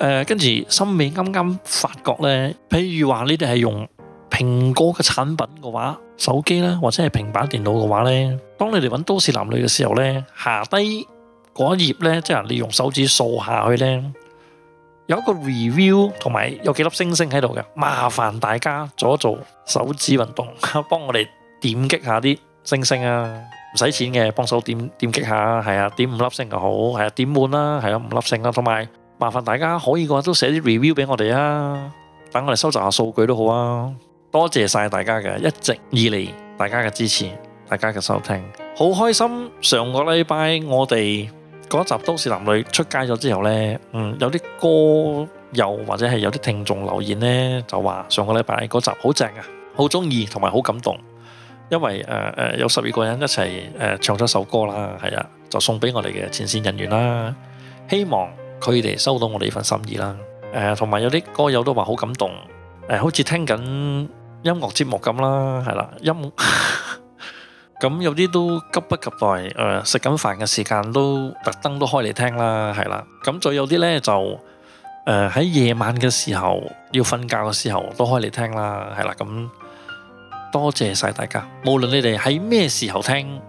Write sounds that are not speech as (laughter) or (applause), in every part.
誒，跟住心尾啱啱發覺咧，譬如話你哋係用蘋果嘅產品嘅話，手機咧或者係平板電腦嘅話咧，當你哋揾都市男女嘅時候咧，下低嗰頁咧，即係你用手指掃下去咧，有個 review 同埋有幾粒星星喺度嘅，麻煩大家做一做手指運動，幫我哋點擊下啲星星啊，唔使錢嘅，幫手點點擊下，係啊，點五粒星就好，係啊，點滿啦，係啊，五粒星啦，同埋，麻煩大家可以嘅話都寫啲 review 俾我哋啊，等我哋收集下數據都好啊。多謝晒大家嘅一直以嚟，大家嘅支持，大家嘅收聽，好開心。上個禮拜我哋嗰集《都市男女》出街咗之後呢，嗯，有啲歌友或者係有啲聽眾留言呢，就話上個禮拜嗰集好正啊，好中意，同埋好感動，因為誒誒、呃、有十二個人一齊誒、呃、唱咗首歌啦，係啊，就送俾我哋嘅前綫人員啦，希望。佢哋收到我哋份心意啦，誒，同埋有啲歌友都話好感動，誒，好似聽緊音樂節目咁啦，係啦，音，咁有啲都急不及待，誒，食緊飯嘅時間都特登都開嚟聽啦，係啦，咁再有啲呢就，誒，喺夜晚嘅時候要瞓覺嘅時候都開嚟聽啦，係啦，咁多謝晒大家，無論你哋喺咩時候聽，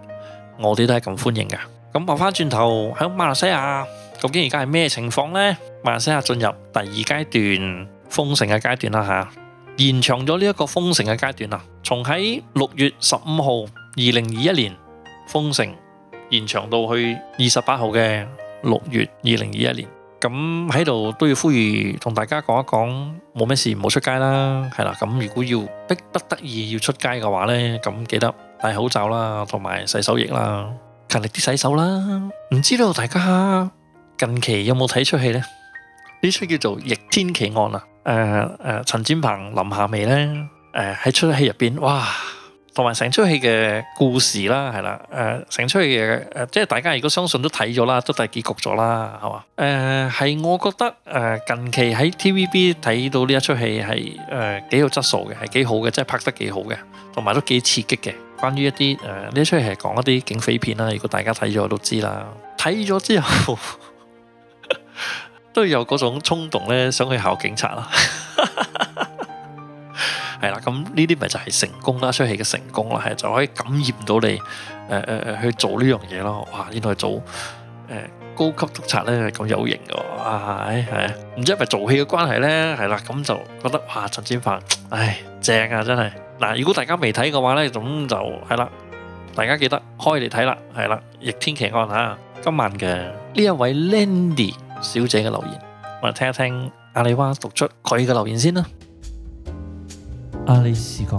我哋都係咁歡迎㗎，咁話翻轉頭響馬來西亞。究竟而家係咩情況呢？馬來西亞，進入第二階段封城嘅階段啦吓，延長咗呢一個封城嘅階段啦，從喺六月十五號二零二一年封城，延長到去二十八號嘅六月二零二一年。咁喺度都要呼籲同大家講一講，冇咩事唔好出街啦，係啦。咁如果要逼不得已要出街嘅話呢，咁記得戴口罩啦，同埋洗手液啦，勤力啲洗手啦。唔知道大家。近期有冇睇出戲呢？呢出叫做《逆天奇案》啊！誒、呃、誒，陳展鵬、林夏薇呢，誒、呃、喺出戲入邊，哇，同埋成出戲嘅故事啦，係啦，誒成出戲嘅，即係大家如果相信都睇咗啦，都大結局咗啦，係嘛？誒、呃，係我覺得誒、呃、近期喺 TVB 睇到呢一出戲係誒幾有質素嘅，係幾好嘅，即係拍得幾好嘅，同埋都幾刺激嘅。關於一啲誒呢出戲係講一啲警匪片啦，如果大家睇咗都知啦，睇咗之後。 (laughs) 都有嗰種衝動咧，想去考警察啦，係啦。咁呢啲咪就係成功啦，出戲嘅成功啦，係就可以感染到你誒誒誒去做呢樣嘢咯。哇！呢度係做誒高級督察咧，咁有型嘅啊，係係唔知係咪做戲嘅關係咧，係啦，咁就覺得哇陳展鵬，唉正啊，真係嗱。如果大家未睇嘅話咧，咁就係啦，大家記得開嚟睇啦，係啦《逆天奇案》啊，今晚嘅呢一位 Landy。小姐嘅留言，我哋聽一聽阿里娃讀出佢嘅留言先啦。阿里視覺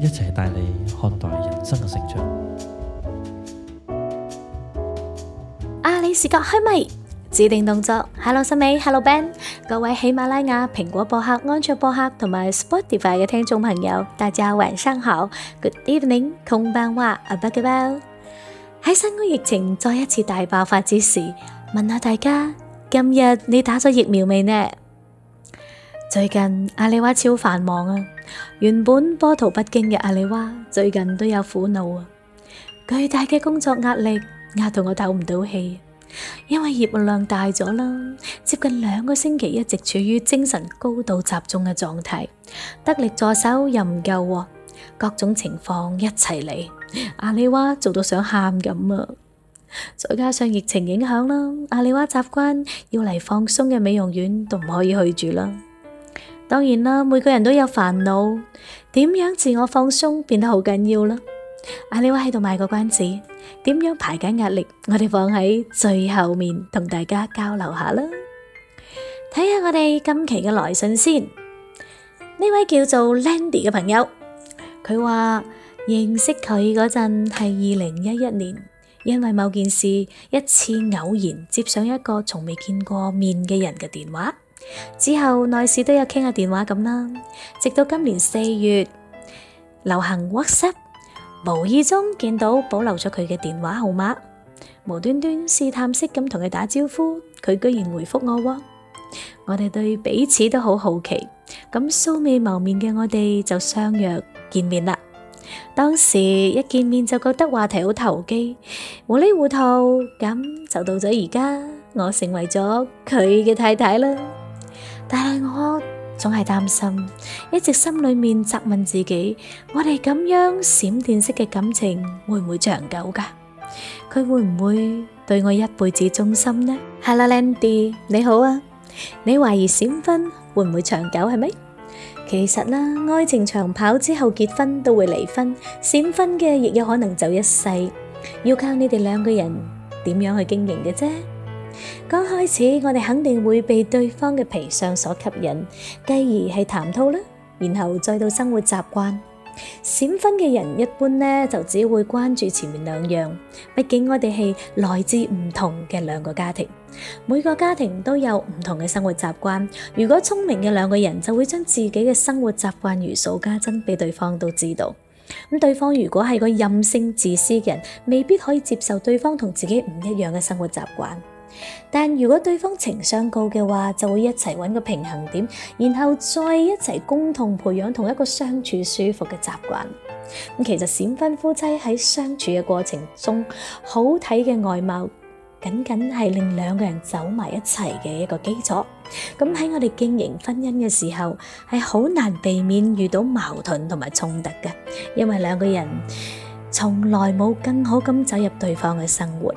一齊帶你看待人生嘅成長。阿里視覺開咪，指定動作，Hello Sami，Hello Ben，各位喜馬拉雅、蘋果播客、安卓播客同埋 Spotify 嘅聽眾朋友，大家晚上好，Good evening，空班話阿 Blackie Bell 喺新冠疫情再一次大爆發之時。問下大家，今日你打咗疫苗未呢？最近阿里娃超繁忙啊，原本波濤不驚嘅阿里娃，最近都有苦惱啊，巨大嘅工作壓力壓到我透唔到氣啊，因為業務量大咗啦，接近兩個星期一直處於精神高度集中嘅狀態，得力助手又唔夠啊，各種情況一齊嚟，阿里娃做到想喊咁啊！再加上疫情影響啦，阿里娃習慣要嚟放鬆嘅美容院都唔可以去住啦。當然啦，每個人都有煩惱，點樣自我放鬆變得好緊要啦。阿里娃喺度賣個關子，點樣排解壓力，我哋放喺最後面同大家交流下啦。睇下我哋今期嘅來信先，呢位叫做 Landy 嘅朋友，佢話認識佢嗰陣係二零一一年。因為某件事，一次偶然接上一個從未見過面嘅人嘅電話，之後內事都有傾下電話咁啦，直到今年四月流行 WhatsApp，無意中見到保留咗佢嘅電話號碼，無端端試探式咁同佢打招呼，佢居然回覆我喎，我哋對彼此都好好奇，咁素未謀面嘅我哋就相約見面啦。當時一見面就覺得話題好投機，糊裏糊塗咁就到咗而家，我成為咗佢嘅太太啦。但係我總係擔心，一直心裏面責問自己，我哋咁樣閃電式嘅感情會唔會長久噶？佢會唔會對我一輩子忠心呢？係啦，Landy 你好啊，你懷疑閃婚會唔會長久係咪？其實啦，愛情長跑之後結婚都會離婚，閃婚嘅，亦有可能就一世，要靠你哋兩個人點樣去經營嘅啫。剛開始我哋肯定會被對方嘅皮相所吸引，繼而係談吐啦，然後再到生活習慣。閃婚嘅人一般呢就只會關注前面兩樣，畢竟我哋係來自唔同嘅兩個家庭，每個家庭都有唔同嘅生活習慣。如果聰明嘅兩個人就會將自己嘅生活習慣如數家珍俾對方都知道。咁對方如果係個任性自私嘅人，未必可以接受對方同自己唔一樣嘅生活習慣。但如果對方情商高嘅話，就會一齊搵個平衡點，然後再一齊共同培養同一個相處舒服嘅習慣。咁、嗯、其實閃婚夫妻喺相處嘅過程中，好睇嘅外貌僅僅係令兩個人走埋一齊嘅一個基礎。咁喺我哋經營婚姻嘅時候，係好難避免遇到矛盾同埋衝突嘅，因為兩個人從來冇更好咁走入對方嘅生活。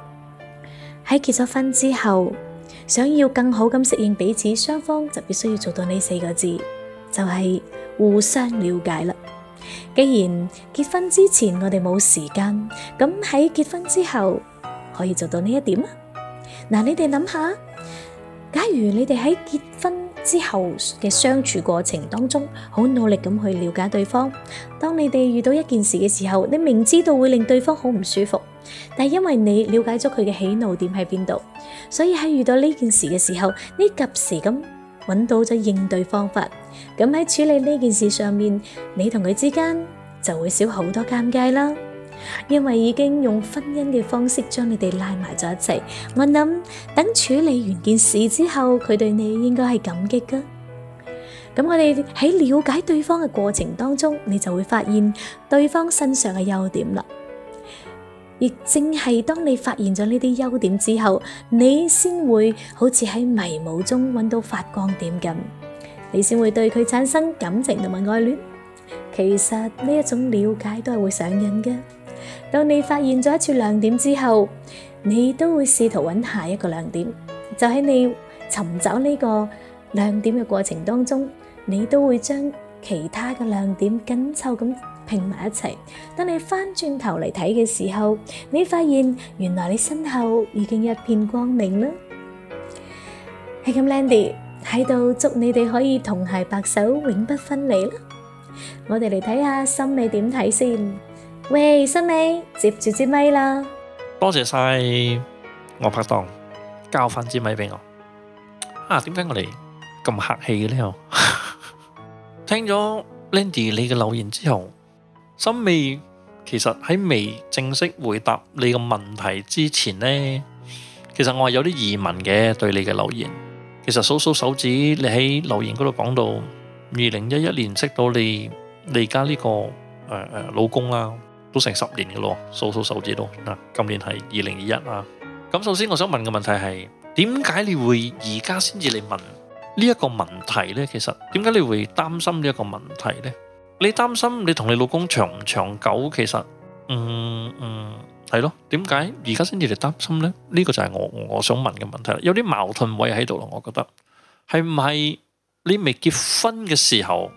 喺結咗婚之後，想要更好咁適應彼此，雙方就必須要做到呢四個字，就係互相了解啦。既然結婚之前我哋冇時間，咁喺結婚之後可以做到呢一點啊？嗱，你哋諗下，假如你哋喺結婚之後嘅相處過程當中，好努力咁去了解對方。當你哋遇到一件事嘅時候，你明知道會令對方好唔舒服，但係因為你了解咗佢嘅喜怒點喺邊度，所以喺遇到呢件事嘅時候，你及時咁搵到咗應對方法。咁喺處理呢件事上面，你同佢之間就會少好多尷尬啦。因為已經用婚姻嘅方式將你哋拉埋咗一齊，我諗等處理完件事之後，佢對你應該係感激㗎。咁我哋喺了解對方嘅過程當中，你就會發現對方身上嘅優點啦。亦正係當你發現咗呢啲優點之後，你先會好似喺迷霧中揾到發光點咁，你先會對佢產生感情同埋愛戀。其實呢一種了解都係會上癮嘅。當你發現咗一處亮點之後，你都會試圖揾下一個亮點。就喺你尋找呢個亮點嘅過程當中，你都會將其他嘅亮點緊湊咁拼埋一齊。當你翻轉頭嚟睇嘅時候，你發現原來你身後已經一片光明啦。係咁，Landy 喺度祝你哋可以同鞋白首永不分離啦。我哋嚟睇下心理點睇先。喂，森美接住支咪啦！多謝晒我拍檔交翻支咪畀我。啊，點解我哋咁客氣嘅咧？聽咗 Landy 你嘅留言之後，森美其實喺未正式回答你嘅問題之前咧，其實我係有啲疑問嘅對你嘅留言。其實數數手指，你喺留言嗰度講到二零一一年識到你你而家呢個誒誒老公啦。都成十年嘅咯，數數手指都嗱，今年係二零二一啊。咁首先我想問嘅問題係點解你會而家先至嚟問呢一個問題咧？其實點解你會擔心呢一個問題咧？你擔心你同你老公長唔長久？其實嗯嗯係咯，點解而家先至嚟擔心咧？呢個就係我我想問嘅問題啦，有啲矛盾位喺度咯，我覺得係唔係你未結婚嘅時候？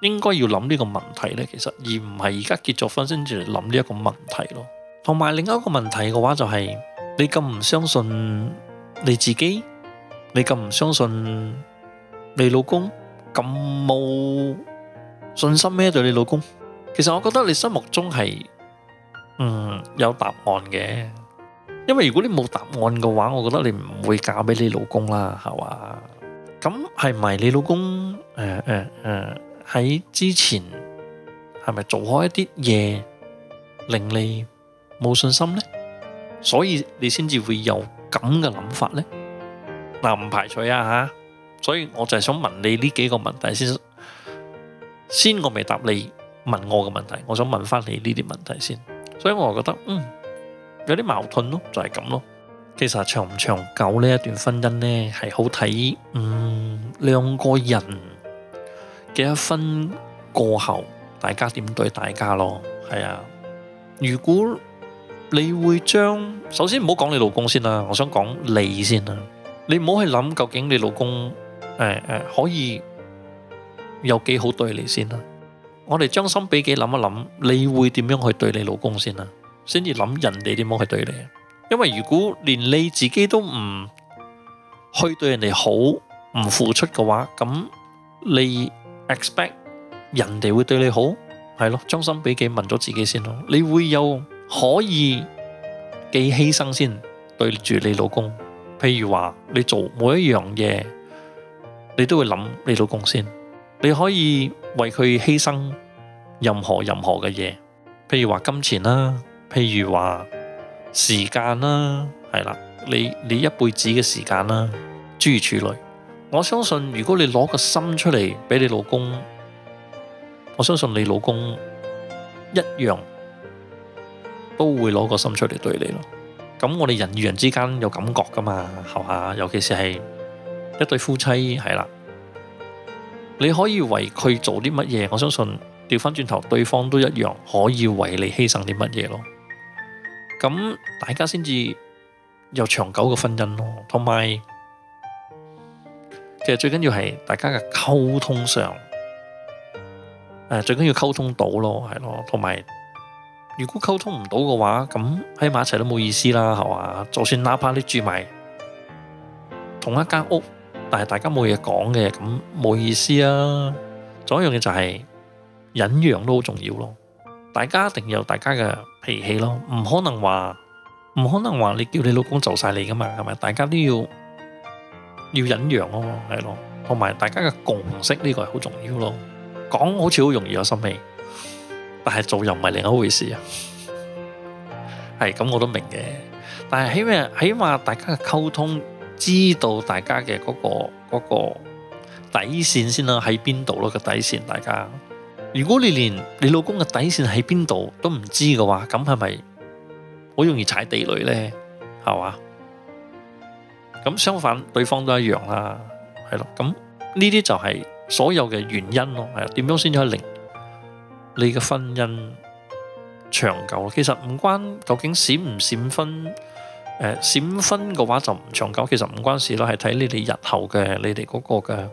應該要諗呢個問題呢，其實而唔係而家結咗婚先至嚟諗呢一個問題咯。同埋另一個問題嘅話就係你咁唔相信你自己，你咁唔相信你老公，咁冇信心咩？對你老公，其實我覺得你心目中係嗯有答案嘅，因為如果你冇答案嘅話，我覺得你唔會嫁俾你老公啦，係嘛？咁係咪你老公？誒誒誒。喺之前係咪做開一啲嘢令你冇信心呢？所以你先至會有咁嘅諗法呢？嗱，唔排除啊嚇，所以我就係想問你呢幾個問題先。先我未答你問我嘅問題，我想問翻你呢啲問題先。所以我就覺得嗯，有啲矛盾咯，就係咁咯。其實長唔長久呢一段婚姻呢，係好睇嗯，兩個人。幾一分過後，大家點對大家咯？係啊，如果你會將首先唔好講你老公先啦，我想講你先啦。你唔好去諗究竟你老公誒誒可以有幾好對你先啦。我哋將心比己諗一諗，你會點樣去對你老公先啦？先至諗人哋點樣去對你。因為如果連你自己都唔去對人哋好，唔付出嘅話，咁你。expect 人哋會對你好，係咯，將心比己問咗自己先咯。你會有可以幾犧牲先對住你老公？譬如話你做每一樣嘢，你都會諗你老公先。你可以為佢犧牲任何任何嘅嘢，譬如話金錢啦，譬如話時間啦，係啦，你你一輩子嘅時間啦，諸如此類。我相信如果你攞個心出嚟俾你老公，我相信你老公一樣都會攞個心出嚟對你咯。咁我哋人與人之間有感覺噶嘛，係嘛？尤其是一對夫妻，係啦，你可以為佢做啲乜嘢，我相信調翻轉頭，對方都一樣可以為你犧牲啲乜嘢咯。咁大家先至有長久嘅婚姻咯，同埋。其實最緊要係大家嘅溝通上，誒最緊要溝通到咯，係咯，同埋如果溝通唔到嘅話，咁喺埋一齊都冇意思啦，係嘛？就算哪怕你住埋同一間屋，但係大家冇嘢講嘅，咁冇意思啊！仲有一樣嘢就係、是、忍讓都好重要咯，大家一定要有大家嘅脾氣咯，唔可能話唔可能話你叫你老公做晒你噶嘛，係咪？大家都要。要忍讓、啊、咯，係咯，同埋大家嘅共識呢、呢個係好重要咯。講好似好容易有心機，但係做又唔係另一回事。係 (laughs) 咁我都明嘅，但係起碼，起碼大家嘅溝通，知道大家嘅嗰、嗰個嗰個底線先啦，喺邊度咯，個底線，大家如果你連你老公嘅底線喺邊度都唔知嘅話，咁係咪好容易踩地雷咧？係嘛？咁相反，對方都一樣啦，係咯。咁呢啲就係所有嘅原因咯。係點樣先可以令你嘅婚姻長久？其實唔關究竟閃唔閃婚，誒閃婚嘅話就唔長久。其實唔關事咯，係睇你哋日後嘅你哋嗰個嘅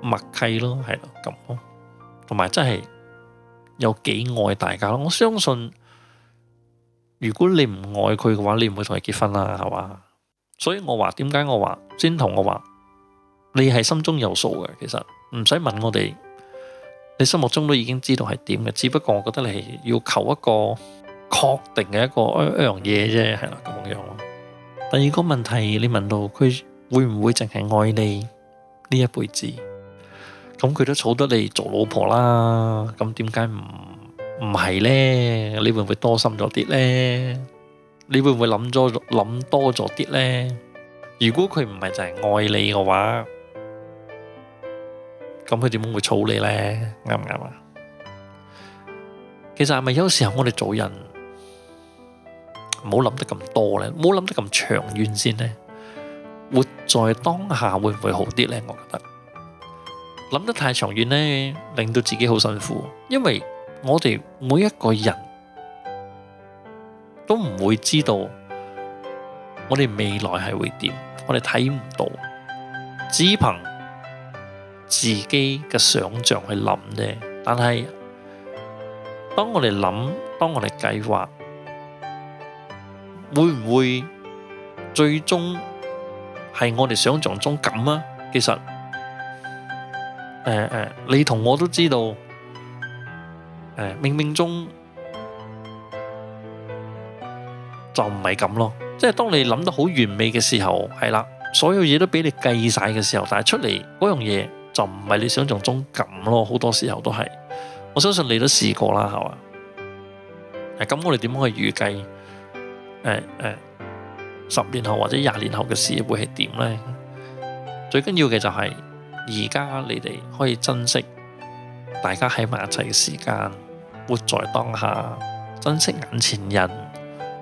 默契咯，係咯咁咯，同埋真係有幾愛大家咯。我相信如果你唔愛佢嘅話，你唔會同佢結婚啦，係嘛？所以我話點解我話先同我話你係心中有數嘅，其實唔使問我哋，你心目中都已經知道係點嘅，只不過我覺得你係要求一個確定嘅一個一，個一，個一個、啊、樣嘢啫，係啦咁樣咯。第二個問題你問到佢會唔會淨係愛你呢一輩子？咁佢都娶得你做老婆啦，咁點解唔唔係咧？你會唔會多心咗啲咧？你會唔會諗咗諗多咗啲呢？如果佢唔係就係愛你嘅話，咁佢點會會儲你呢？啱唔啱啊？其實係咪有時候我哋做人唔好諗得咁多呢，唔好諗得咁長遠先呢，活在當下會唔會好啲呢？我覺得諗得太長遠呢，令到自己好辛苦，因為我哋每一個人。都唔會知道我哋未來係會點，我哋睇唔到，只憑自己嘅想象去諗啫。但係當我哋諗，當我哋計劃，會唔會最終係我哋想象中咁啊？其實，誒誒，你同我都知道，誒冥冥中。就唔係咁咯，即係當你諗得好完美嘅時候，係啦，所有嘢，都俾你計晒嘅時候，但係出嚟嗰樣嘢就唔係你想象中咁咯，好多時候都係。我相信你都試過啦，係嘛？係、啊、咁，我哋點可以預計？誒、啊、誒，十、啊、年後或者廿年後嘅事會係點呢？最緊要嘅就係而家你哋可以珍惜大家喺埋一齊嘅時間，活在當下，珍惜眼前人。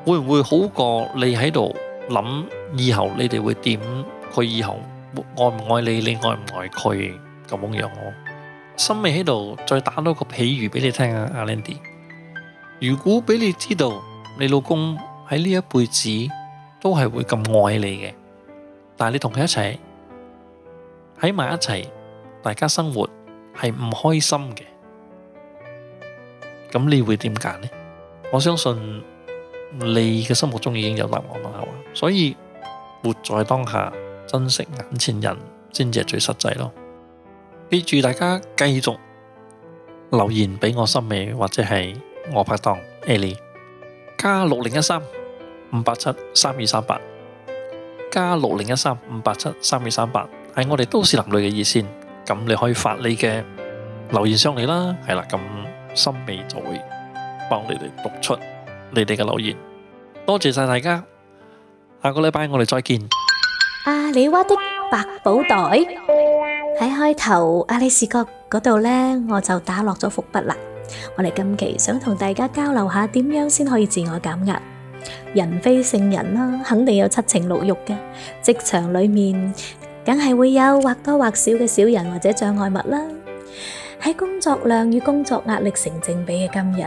會唔會好過你喺度諗以後你哋會點？佢以後愛唔愛你？你愛唔愛佢咁樣？我心未喺度，再打多個比喻俾你聽啊，阿 Landy。如果俾你知道你老公喺呢一輩子都係會咁愛你嘅，但係你同佢一齊喺埋一齊，大家生活係唔開心嘅，咁你會點揀呢？我相信。你嘅心目中已經有答案啦，係嘛？所以活在當下，珍惜眼前人，先至係最實際咯。記住大家繼續留言俾我心美或者係我拍檔 Ellie，加六零一三五八七三二三八加六零一三五八七三二三八，係我哋都市男女嘅熱線，咁你可以發你嘅留言上嚟啦，係啦，咁心美就會幫你哋讀出。你哋嘅留言，多謝晒大家。下個禮拜我哋再見。阿里娃的百寶袋喺開頭，阿、啊、里視角嗰度呢，我就打落咗伏筆啦。我哋今期想同大家交流下點樣先可以自我減壓。人非聖人啦、啊，肯定有七情六慾嘅。職場裏面，梗係會有或多或少嘅小人或者障礙物啦。喺工作量與工作壓力成正比嘅今日。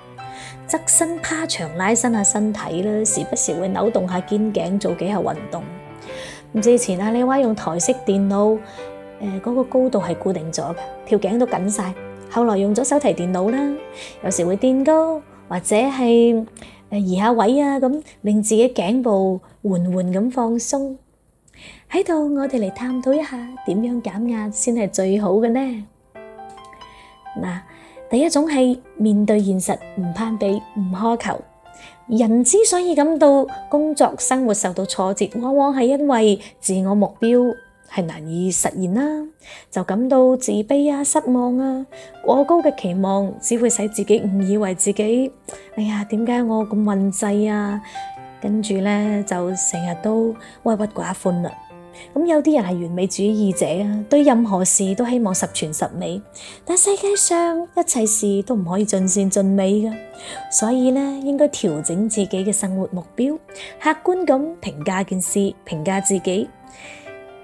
側身趴牆，拉伸下身體啦，時不時會扭動下肩頸，做幾下運動。咁之前啊，你話用台式電腦，誒嗰個高度係固定咗嘅，條頸都緊晒。後來用咗手提電腦啦，有時會墊高，或者係誒移下位啊，咁令自己頸部緩緩咁放鬆。喺度，我哋嚟探討一下，點樣減壓先係最好嘅呢？嗱。第一種係面對現實，唔攀比，唔苛求。人之所以感到工作、生活受到挫折，往往係因為自我目標係難以實現啦，就感到自卑啊、失望啊。過高嘅期望只會使自己誤以為自己，哎呀，點解我咁運滯啊？跟住咧就成日都鬱鬱寡歡啦。咁有啲人係完美主義者啊，對任何事都希望十全十美，但世界上一切事都唔可以盡善盡美噶，所以咧應該調整自己嘅生活目標，客觀咁評價件事，評價自己，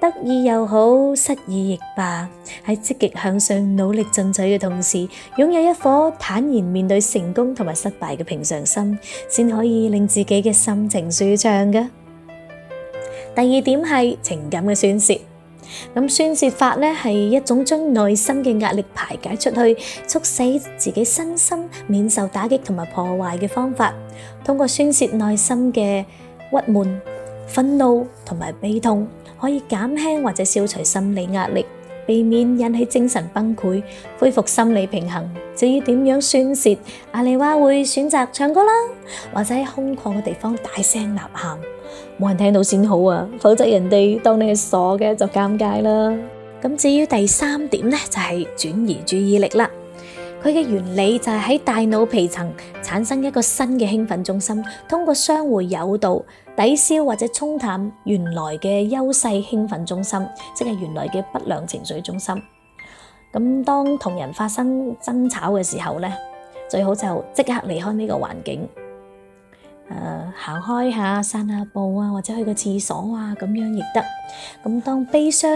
得意又好，失意亦罷，喺積極向上、努力進取嘅同時，擁有一顆坦然面對成功同埋失敗嘅平常心，先可以令自己嘅心情舒暢噶。第二點係情感嘅宣泄，咁宣泄法呢係一種將內心嘅壓力排解出去，促使自己身心免受打擊同埋破壞嘅方法。通過宣泄內心嘅鬱悶、憤怒同埋悲痛，可以減輕或者消除心理壓力，避免引起精神崩潰，恢復心理平衡。至於點樣宣泄，阿里娃會選擇唱歌啦，或者喺空曠嘅地方大聲吶喊。冇人聽到先好啊，否則人哋當你係傻嘅就尷尬啦。咁至於第三點咧，就係轉移注意力啦。佢嘅原理就係喺大腦皮層產生一個新嘅興奮中心，通過相互誘導抵消或者沖淡原來嘅優勢興奮中心，即係原來嘅不良情緒中心。咁當同人發生爭吵嘅時候咧，最好就即刻離開呢個環境。誒，行開下，散下步啊，或者去個廁所啊，咁樣亦得。咁當悲傷、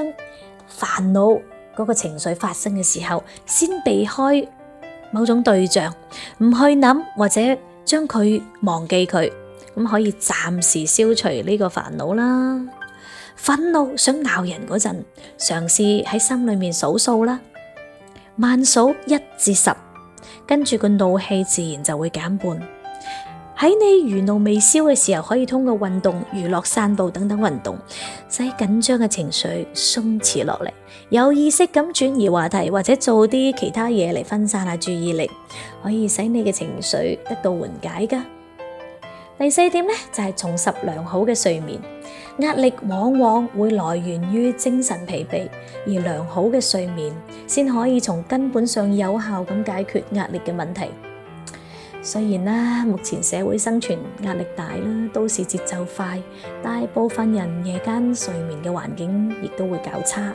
煩惱嗰個情緒發生嘅時候，先避開某種對象，唔去諗或者將佢忘記佢，咁可以暫時消除呢個煩惱啦。憤怒想鬧人嗰陣，嘗試喺心裏面數數啦，慢數一至十，跟住個怒氣自然就會減半。喺你餘怒未消嘅時候，可以通過運動、娛樂、散步等等運動，使緊張嘅情緒鬆弛落嚟。有意識咁轉移話題或者做啲其他嘢嚟分散下注意力，可以使你嘅情緒得到緩解噶。第四點呢，就係重拾良好嘅睡眠。壓力往往會來源於精神疲憊，而良好嘅睡眠先可以從根本上有效咁解決壓力嘅問題。雖然咧，目前社會生存壓力大啦，都市節奏快，大部分人夜間睡眠嘅環境亦都會較差，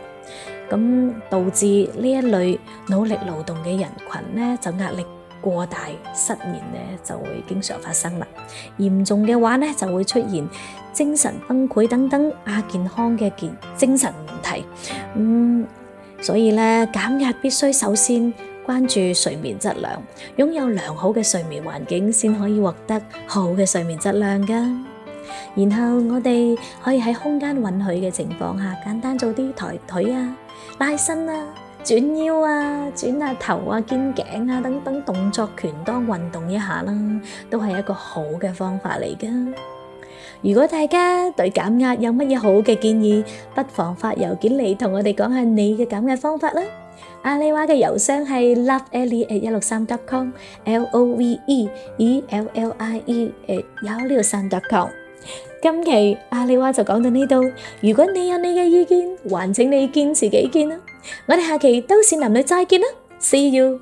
咁導致呢一類努力勞動嘅人群咧就壓力過大，失眠咧就會經常發生啦。嚴重嘅話咧就會出現精神崩潰等等亞、啊、健康嘅健精神問題。咁、嗯、所以咧減壓必須首先，關注睡眠質量，擁有良好嘅睡眠環境先可以獲得好嘅睡眠質量㗎。然後我哋可以喺空間允許嘅情況下，簡單做啲抬腿啊、拉伸啊、啊、轉腰啊、轉下頭啊、肩頸啊等等動作，權當運動一下啦，都係一個好嘅方法嚟㗎。如果大家對減壓有乜嘢好嘅建議，不妨發郵件嚟同我哋講下你嘅減壓方法啦。阿里娃嘅郵箱係 loveellie@163.com，L-O-V-E-E-L-L-I-E@163.com a。今期阿里娃就講到呢度，如果你有你嘅意見，還請你堅持己見啦。我哋下期都市男女再見啦，See you。